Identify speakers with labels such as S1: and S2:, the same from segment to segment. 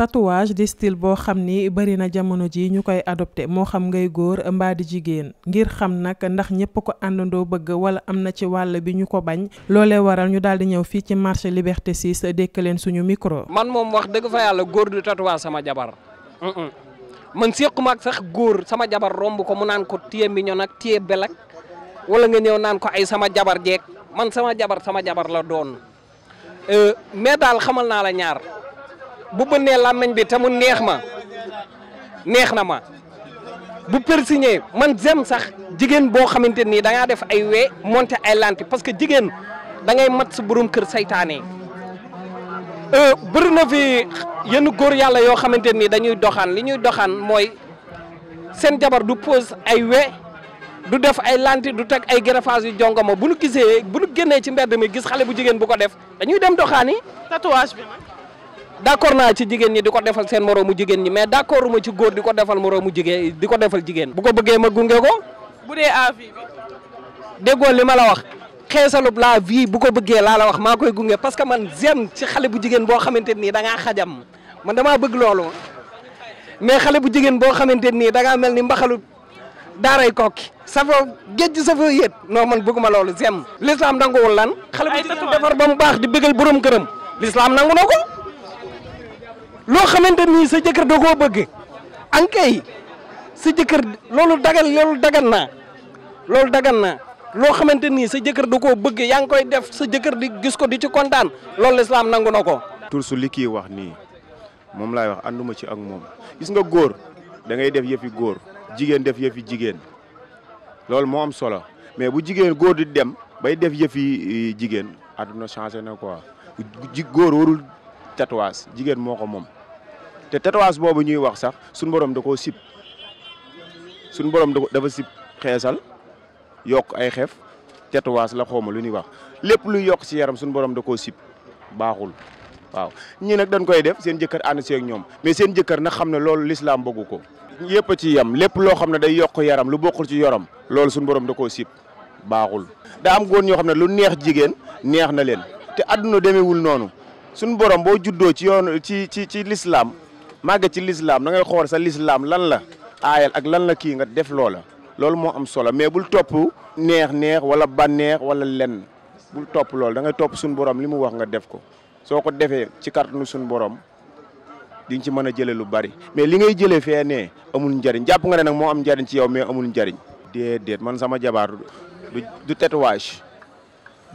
S1: tatouage di style boo xam ni bari na jamono ji ñu koy adopté moo xam ngay góor mbaa di jigéen ngir xam nag ndax ñépp ko àndandoo bëgg wala am na ci wàll bi ñu ko bañ loolee waral ñu daal di ñëw fii ci marché Liberté 6 dékk leen suñu micro.
S2: man moom wax dëgg fa yàlla góor du tatouage sama jabar man séquma ak sax góor sama jabar romb ko mu naan ko téye mignon ak téye bel ak wala nga ñëw naan ko ay sama jabar jeeg man sama jabar sama jabar la doon euh, mais daal xamal naa la ñaar bu bënnee làmmiñ bi te mu neex ma neex na ma bu persigné man jëm sax jigéen boo xamante nii da ngaa def ay wee monté ay lanti parce que jigéen da ngay mat sa borom kër seytaane euh, bëri na fi yenn góor yàlla yoo xamante nii dañuy doxaan li ñuy doxaan mooy seen jabar du pose ay we du def ay lanti du teg ay greffage yu jongoma bu nu gisee bu nu génnee ci mbedd mi gis xale bu jigéen bu ko def dañuy dem doxaani. tatouage bi nag. d'accord naa ci jigéen ñi di ko defal seen moroomu jigéen ñi mais d'accord uma ci góor di ko defal moroomu jigéen di ko defal jigéen. bu ko bëggee ma gunge ko. bu dee à vie bi. ma la wax xeesalub la vie bu ko bëggee laa la wax maa koy gunge parce que man zem ci xale bu jigéen boo xamante nii da ngaa xajam man damaa bëgg loolu mais xale bu jigéen boo xamante nii da ngaa mel ni mbaxalu daaray kokki safoo géej gi safoo yéet non man bëgguma loolu zem l'islam nanguwul lan xale bu jigéen defar ba mu baax di bëggal borom këram l'islam nangu na ko loo xamante nii sa jëkkër da koo bëgg ankay sa jëkkër loolu dagal loolu dagal naa loolu dagan naa loo xamante nii sa jëkkër da
S3: koo bëggee yaa ngi koy def sa jëkkër di gis ko di ci
S2: kontaan loolu l'islam
S3: nangu na ko tur su li wax nii moom lay wax ànduma ci ak moom gis nga góor dangay def yëfi góor jigéen def yëfi jigéen loolu moo am solo mais bu jigéen góor di dem bay def yëfi eh, jigéen àdduna changé na quoi ji góor warul tatouage jigéen moo ko moom te tatouage boobu ñuy wax sax suñu borom da ko sib suñu borom dafa sib xeesal yokk ay xef tatouage la xawma lu ñuy wax lépp luy yokk ci yaram suñu borom da ko sib baaxul waaw ñii nag dañ koy def seen jëkkër ànd seeg ñoom mais seen jëkkër nag xam ne loolu lislaam bëggu ko yëpp a ci yem lépp loo xam ne day yokk yaram lu bokkul ci yoram loolu suñu borom da ko sib baaxul daa am góor yoo xam ne lu neex jigéen neex na leen te àdduna demeewul noonu suñu borom boo juddoo ci yoon ci ci ci lislaam màgge ci lislaam da ngay xool sa lislaam lan la aayal ak lan la kii nga def loola loolu moo am solo mais bul topp neex neex wala bànneex wala len bul topp loolu da ngay topp suñu borom li mu wax nga def ko soo ko defee ci kàttanu suñu boroom di ci mën a jëlee lu bari mais li ngay jëlee fee ne amul njariñ jàpp nga ne nag moo am njariñ ci yow mais amul njariñ déedéet man sama jabaar du du tatouage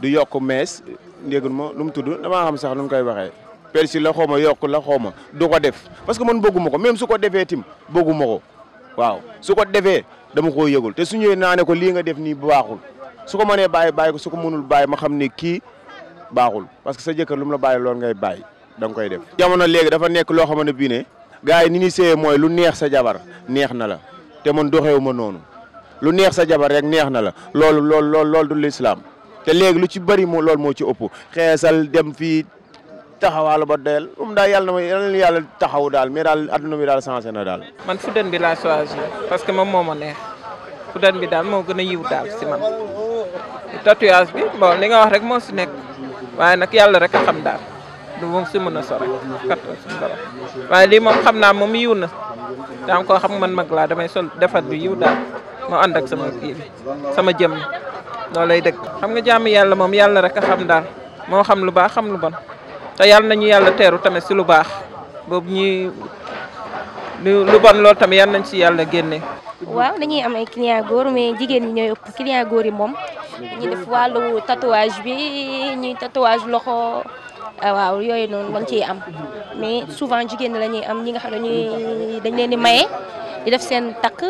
S3: du yokk mees ndégul ma nu mu tudd damaa xam sax nu mu koy waxee persil la xaw ma yokk la xaw ma du ko def parce que man bëgguma ko même su ko defee tim bëgguma ko waaw su ko defee dama koo yëgul te su ñëwee naane ko lii nga def nii baaxul su ko mënee bàyyi bàyyi ko su ko mënul bàyyi ma xam ne kii baaxul parce que sa jëkkër lu mu la bàyyi loolu ngay bàyyi da nga koy def. jamono léegi dafa nekk loo xamante bi ne gars yi ni ñuy seeyee mooy lu neex sa jabar neex na la te man doxewu ma noonu lu neex sa jabar rek neex na la loolu loolu loolu loolu du lislaam te léegi lu ci bëri moo loolu moo ci ëpp xeesal dem fii taxawaalu ba doyal um daal yàlla na ma yàlla taxaw daal mais daal adduna bi daal changé na daal.
S2: man fuddan bi laa choisi parce que moom moo ma neex fuddan bi daal moo gën a yiw daal si man tatouage bi bon li nga wax rek moo si nekk waaye nag yàlla rek a xam daal. a sore kattan suñu borom waaye lii moom xam naa moom yiw na daam koo xam man mag laa damay sol defar bi yiw daal moo ànd ak sama kii sama jëm loolu lay dëgg xam nga jàmm yàlla moom yàlla rek a xam daal moo xam lu baax xam lu bon te yàlla nañu yàlla teru tamit si lu baax boobu ñuy lu bon loolu tamit yàlla nañ si yàlla génne waaw
S4: dañuy am ay mais jigéen ñi ñooy yi moom ñu def wàllu tatouage bi ñuy tatouage loxo Ah, waaw yooyu noonu lañ ciy am mais souvent jigéen ñi la ñuy am ñi nga xam dañuy dañ leen di maye di def seen takk.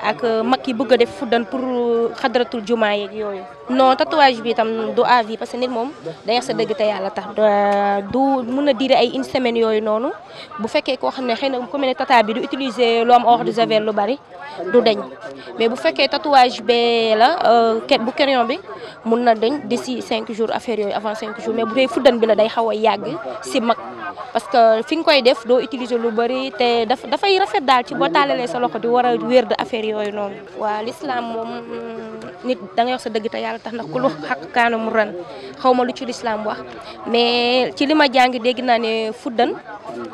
S4: ak euh, mag ki bëgg def fuddan pour euh, xadratul jumaa yeeg yooyu. non tatouage bi tam du à vie parce que nit moom day wax te yàlla tax euh, du mun a diire ay une semaine yooyu noonu bu fekkee koo xam ne xëy na ku mel ne bi du utiliser lu am eau de javel lu bari du dañ mais bu fekkee tatouage bee la bu crayon bi mun na dañ d'ici cinq jours affaire yooyu avant 5 jours mais bu dee fuddan bi la day xaw a yàgg si mag. parce que fi nga koy def doo utiliser lu bëri te daf dafay rafet daal ci boo taalalee sa loxo di war a wér de affaire yooyu noonu. waa lislaam moom mm, nit da ngay sa dëgg te yàlla tax ndax ku lu xaq kaanu mu ran xaw ma lu ci lislaam wax mais ci li ma jàng dégg naa ne fuddan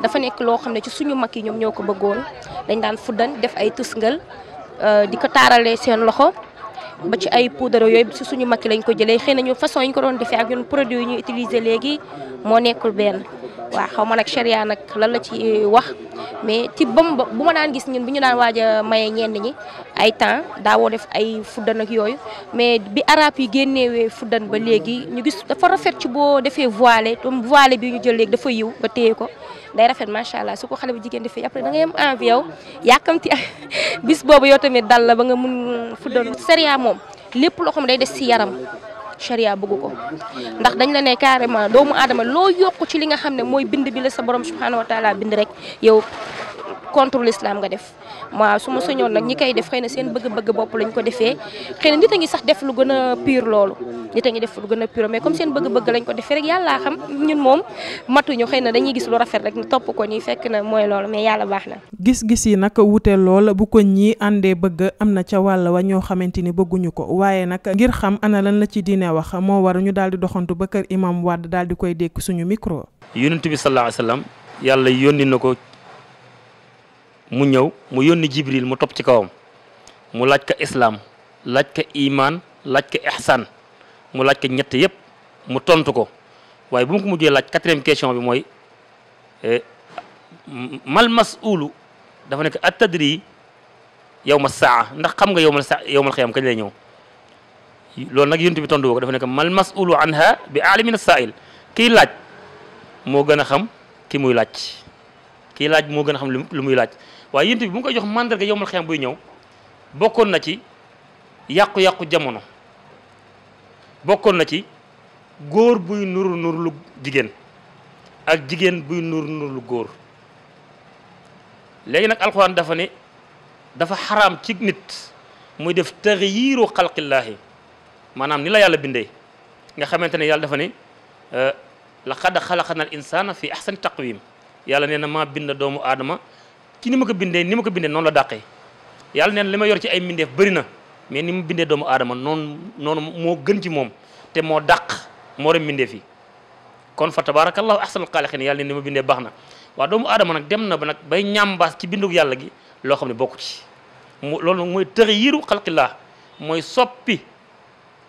S4: dafa nekk loo xam ne ci suñu mag yi ñoom ñoo ko bëggoon dañ daan fuddan def ay tusngal euh, di ko taaralee seen loxo. ba ci ay poudre yooyu si suñu makki lañ ko jëlee xëy na ñu façon yi ñ ko doon defee ak ñun produit yi ñuy utiliser léegi moo nekkul benn. waaw xaw ma nag charia nag lan la ci eh, wax mais ci ba bu ma daan gis ñun bu ñu daan waaj mayee maye ñi ay temps daa woo def ay fuddan ak yooyu mais bi araab yi génnewee fuddan ba léegi ñu gis dafa rafet ci boo defee voilé comme voilé bi ñu jël léegi dafa yiw ba téye ko day rafet macha allah su ko xale bu jigéen defee après da ngay am envie yàkkamti bis boobu yow tamit dal la ba nga mun fuddan charia moom lépp loo xam day des si yaram charia bëgg ko ndax dañ la ne carrément doomu aadama loo yokk ci li nga xam ne mooy bind bi la sa borom subhanahu wa taala bind rek yow contre l'islam nga def waaw su ma soñoon nag ñi koy def xëy na seen bëgg-bëgg bopp lañ ko defee xëy na nit a ngi sax def lu gën a pire loolu nit a ngi def lu gën a pire mais comme seen bëgg-bëgg lañ ko defee rek yàllaa xam ñun moom matuñu xëy na dañuy gis lu rafet rek topp ko nii fekk na mooy loolu mais yàlla baax na
S1: gis-gis yi nag wute lool bu ko ñi àndee bëgg am na ca wàll wa ñoo xamante ni bëgguñu ko waaye nag ngir xam ana lan la ci diine wax moo war ñu daal di doxantu ba kër imam Wade daal di koy dékk suñu micro
S5: yonent bi sallallahu alayhi wasallam yàlla yónni na ko mu ñëw mu yónni jibril mu topp ci kawam mu laaj ko islaam laaj ko imaan laaj ko ihsaan mu laaj ko ñett yëpp mu tontu ko waaye bu mu ko mujjee laaj quatrième question bi mooy eh, mal mas'ulu dafa nekk attadri yow ma saa ndax xam nga yow ma saa yow ma xiyam ñëw loolu nag yonent bi tontu ko dafa nekk mal mas'ulu anha bi aalimin saa'il kiy laaj moo gën a xam ki muy laaj. kii laaj moo gën a xam lu muy laaj waaye yonent bi bu mu koy jox mandarga yowmal xiyaam buy ñëw bokkoon na ci yàqu-yàqu jamono bokkoon na ci góor buy nuru nur lu jigéen ak jigéen buy nuru nur lu góor léegi nag alxuraan dafa ne dafa xaraam ci nit muy def taxyiiru xalqillaahi maanaam ni la yàlla bindee nga xamante ne yàlla dafa ne euh, laqad xalaqna al insaana fi ahsani taqwim yàlla nee na maa bind doomu aadama ci ni ma ko bindee ni ma ko bindee noonu la dàqee yàlla nee na li ma yor ci ay mbindeef bëri na mais ni mu bindee doomu aadama noonu noonu moo gën ci moom te moo dàq moo rem mbindeef yi kon fa tabarakallahu ahsanul xaaliqin yàlla nee ni ma bindee baax na waaw doomu aadama nag dem na ba nag bay ñam ñàmbaas ci bindug yàlla gi loo xam ne bokk ci mu loolu mooy mooy tëxiiru xalqillah mooy soppi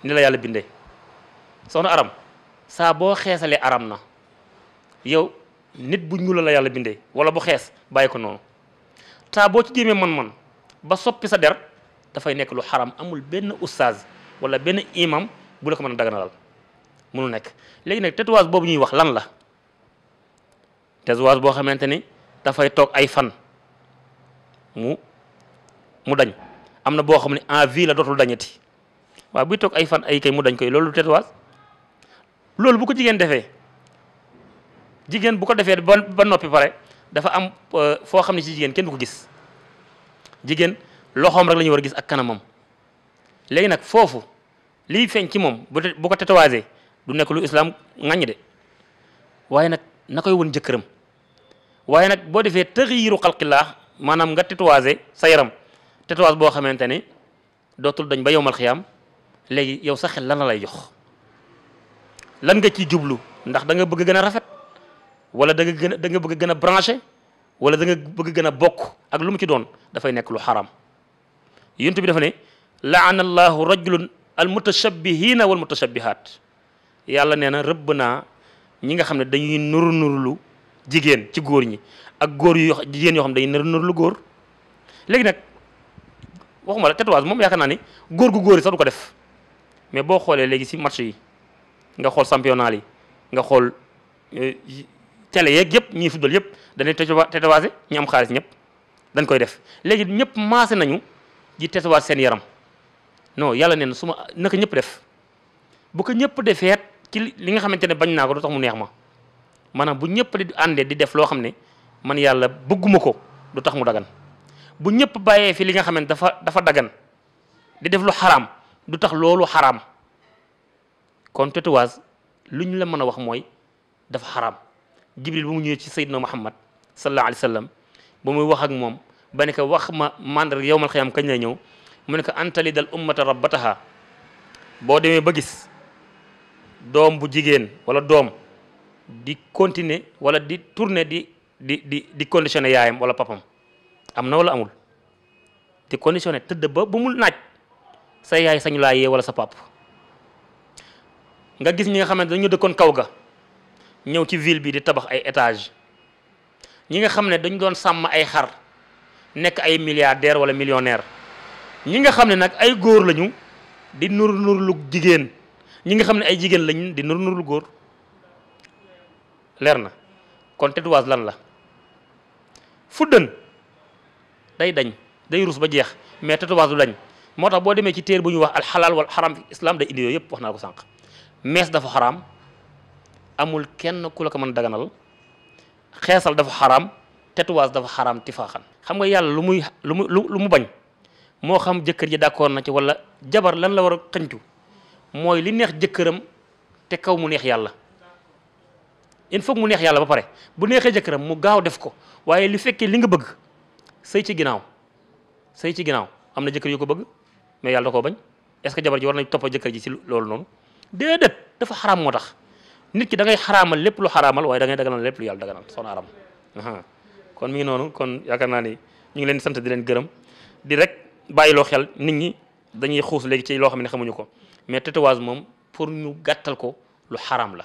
S5: ni la yàlla bindee soxna aram saa boo xeesalee aram na nit bu ñuul la yàlla bindee wala bu xees bàyyi ko noonu taa boo ci jéemee man-man ba soppi sa der dafay nekk lu xaram amul benn oustaz wala benn imam bu la ko mën a daganalal mënu nekk léegi nag tatouage boobu ñuy wax lan la tatouage boo xamante ni dafay toog ay fan mu mu dañ am na boo xam ne en vie la dootul dañati waaw buy toog ay fan ay kay mu dañ koy loolu tatouage loolu bu ko jigéen defee jigéen bu ko defee ba ba noppi pare dafa am euh, foo xam ne ci jigéen kenn du ko gis jigéen loxoom rek la war a gis ak kanamam léegi nag foofu li feeñ ci moom bu bu ko tatouage du nekk lu islam ŋaññi de waaye nag na koy won jëkkëram waaye nag boo defee taxyiru xalqillah maanaam nga tatouage sa yaram tatouage boo xamante ne dootul dañ ba yowmal xiyaam léegi yow sa xel lan la lay jox lan nga ciy jublu ndax danga nga bëgg gën a rafet wala da nga gën a da nga bëgg gën a branché wala danga bëgg gën a bokk ak lu mu ci doon dafay nekk lu xaram yonent bi dafa ne laana allahu rajulun al mutashabbihina wal mutashabbihat yàlla nee na rëbb naa ñi nga xam ne dañu dañuy nuru lu jigéen ci góor ñi ak góor yu jigéen yoo xam ne dañuy nuru lu góor léegi nag waxuma la tatouage moom yaakaar naa ni góor gu góor yi sax du ko def mais boo xoolee léegi si match yi nga xool championnat yi nga xool euh, télé yeeg ñi ñuy football yëpp dañuy tétawaase ñu am xaalis ñëpp dañ koy def léegi ñëpp maase nañu di tétawaase seen yaram non yàlla neen na su ma naka ñëpp def bu ko ñëpp defeet ci li nga xamante ne bañ naa ko du tax mu neex ma maanaam bu ñëpp di àndee di def loo xam ne man yàlla bëgguma ko du tax mu dagan bu ñëpp bàyyee fii li nga xam ne dafa dafa dagan di def lu xaraam du tax loolu xaraam kon tétawaase lu ñu la mën a wax mooy dafa xaraam jibril bu mu ñëwee ci sayyidna muhammad sa alayhi wa sallam ba muy wax ak moom ba ne wax ma mandar yowmal xiyaam kañ la ñëw mu ne ko antali dal ummata rabbataha boo demee ba gis doom bu jigéen wala doom di continuer wala di tourner di di di di conditionné yaayam wala papam am na wala amul di conditionné tëdd ba bu mu naaj sa yaay sañu laa yee wala sa pap nga gis ñi nga xam ne dañu dëkkoon kaw ga ñëw ci ville bi di tabax ay étage ñi nga xam ne dañ doon sàmm ay xar nekk ay milliardaire wala millionnaire ñi nga xam ne nag ay góor lañu di nur nur lu jigéen ñi nga xam ne ay jigéen lañ di nur nur lu góor leer na kon tatouage lan la fuddën day dañ day rus ba jeex mais tatouage du dañ moo tax boo demee ci téer bu ñu wax alxalaal wal fi islam day indi yooyu yëpp wax naa ko sànq mees dafa xaraam amul kenn ku la ko mën daganal xeesal dafa xaram tatouage dafa xaraam tifaaxan xam nga yàlla lu muy lu mu lu mu bañ moo xam jëkkër ji d'accord na ci wala jabar lan la war a xëncu mooy li neex jëkkëram te kaw mu neex yàlla il faut mu neex yàlla ba pare bu neexee jëkkëram mu gaaw def ko waaye li fekkee li nga bëgg sëy ci ginnaaw sëy ci ginnaaw am na jëkkër yu ko bëgg mais yàlla ko bañ est-ce que jabar ji war nañ toppa jëkkër ji ci loolu noonu déedéet dafa xaraam moo tax nit ki da ngay xaraamal lépp lu xaraamal waaye da ngay daganal lépp lu yàlla daganal soxna aram kon mi ngi noonu kon yaakaar naa ni ñu ngi leen sant di leen gërëm di rek loo xel nit ñi dañuy xuus léegi ci loo xam ne xamuñu ko mais tatouage moom pour ñu gàttal ko lu xaram la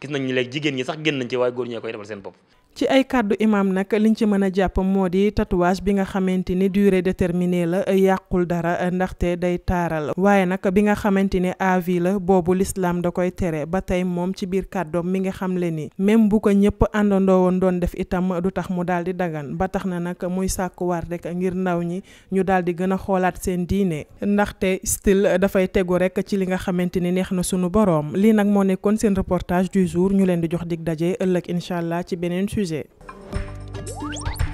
S5: gis nañ ni léegi jigéen ñi sax génn nañ ci waaye góor ñee koy defal seen bopp ci
S1: ay kàddu imaam nag liñ ci mën a jàpp moo di tatouage bi nga xamante ni durée déterminée la yàqul dara ndaxte day taaral waaye nag bi nga xamante ni à vie la boobu lislaam da koy tere ba tey moom ci biir kàddoom mi nga xam le ni même bu ko ñëpp àndandoo woon doon def itam du tax mu daal di dagan ba tax na nag muy sàkkuwaar rek ngir ndaw ñi ñu daal di gën a xoolaat seen diine ndaxte style dafay tegu rek ci li nga xamante ni neex na sunu boroom lii nag moo nekkoon seen reportage du jour ñu leen di jox dig daje ëllëg incha allah ci beneen sujet.